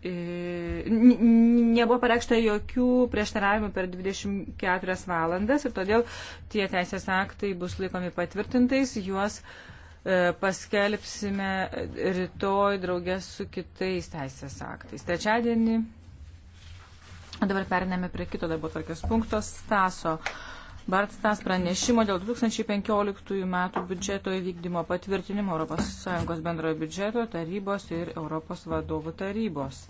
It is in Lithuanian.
E, nebuvo pareikšta jokių prieštaravimų per 24 valandas ir todėl tie teisės aktai bus laikomi patvirtintais, juos e, paskelbsime rytoj draugės su kitais teisės aktais. Trečiadienį, dabar periname prie kito darbo tokios punktos, staso. Bartstas pranešimo dėl 2015 metų biudžeto įvykdymo patvirtinimo ES bendrojo biudžeto tarybos ir ES vadovų tarybos.